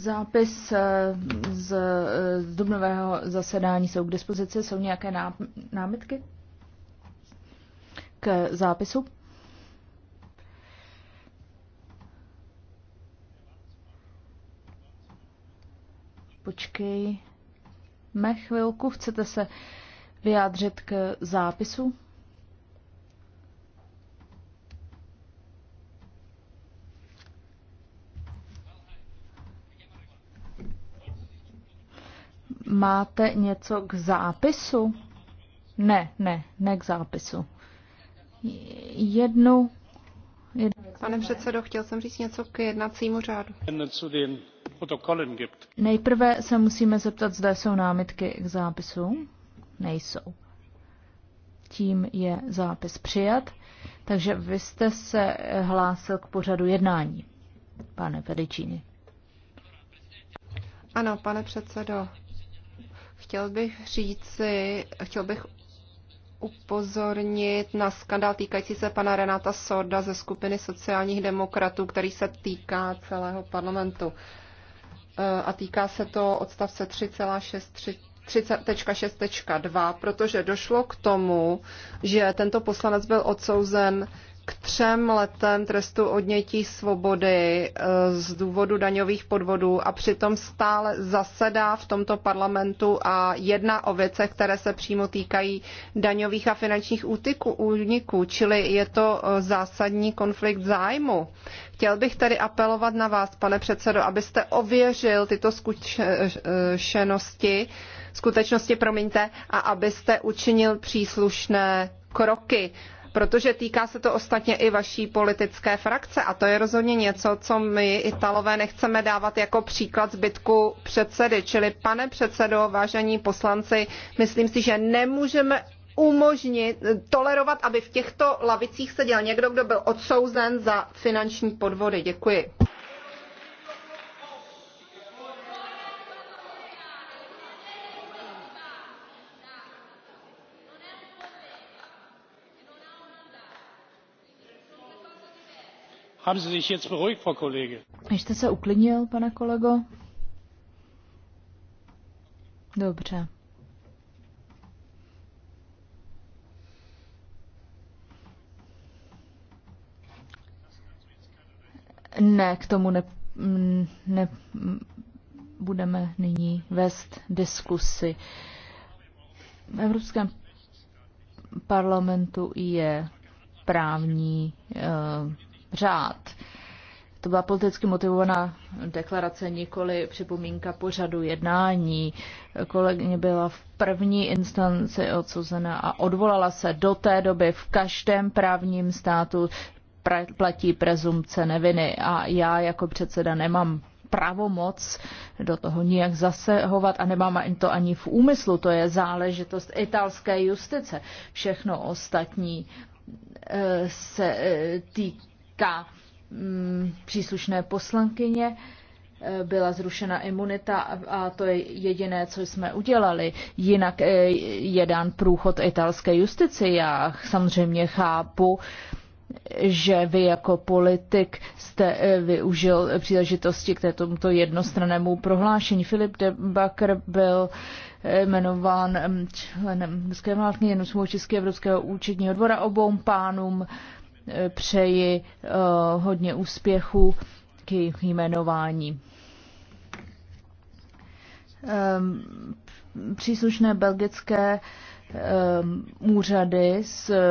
Zápis eh, z, eh, z dubnového zasedání jsou k dispozici. Jsou nějaké námitky k zápisu? Počkej. Mech chvilku, chcete se vyjádřit k zápisu? Máte něco k zápisu? Ne, ne, ne k zápisu. Jednu. jednu Pane předsedo, chtěl jsem říct něco k jednacímu řádu. Nejprve se musíme zeptat, zda jsou námitky k zápisu. Nejsou. Tím je zápis přijat. Takže vy jste se hlásil k pořadu jednání, pane Pedicini. Ano, pane předsedo, Chtěl bych říci, chtěl bych upozornit na skandál týkající se pana Renata Sorda ze skupiny sociálních demokratů, který se týká celého parlamentu. E, a týká se to odstavce 3,6.2, protože došlo k tomu, že tento poslanec byl odsouzen k třem letem trestu odnětí svobody eh, z důvodu daňových podvodů a přitom stále zasedá v tomto parlamentu a jedná o věcech, které se přímo týkají daňových a finančních úniků, čili je to eh, zásadní konflikt zájmu. Chtěl bych tedy apelovat na vás, pane předsedo, abyste ověřil tyto zkušenosti, skutečnosti, promiňte, a abyste učinil příslušné kroky protože týká se to ostatně i vaší politické frakce a to je rozhodně něco, co my Italové nechceme dávat jako příklad zbytku předsedy. Čili pane předsedo, vážení poslanci, myslím si, že nemůžeme umožnit, tolerovat, aby v těchto lavicích seděl někdo, kdo byl odsouzen za finanční podvody. Děkuji. Haben Sie sich jetzt beruhigt, Frau Kollege? Jste se uklidnil, pane kolego? Dobře. Ne, k tomu ne, ne budeme nyní vést diskusy. V Evropském parlamentu je právní eh, řád. To byla politicky motivovaná deklarace, nikoli připomínka pořadu jednání. Kolegyně byla v první instanci odsouzena a odvolala se do té doby v každém právním státu platí prezumce neviny a já jako předseda nemám pravomoc do toho nijak zasehovat a nemám ani to ani v úmyslu. To je záležitost italské justice. Všechno ostatní eh, se eh, týká mm, příslušné poslankyně, eh, byla zrušena imunita a to je jediné, co jsme udělali. Jinak eh, je dán průchod italské justici. Já samozřejmě chápu, že vy jako politik jste eh, využil příležitosti k tomuto jednostrannému prohlášení. Filip de Bakr byl jmenován mm, členem České vládky, jednou z Českého Evropského účetního dvora obou pánům Eh, přeji eh, hodně úspěchu k jejich jmenování. Ehm, příslušné belgické ehm, úřady s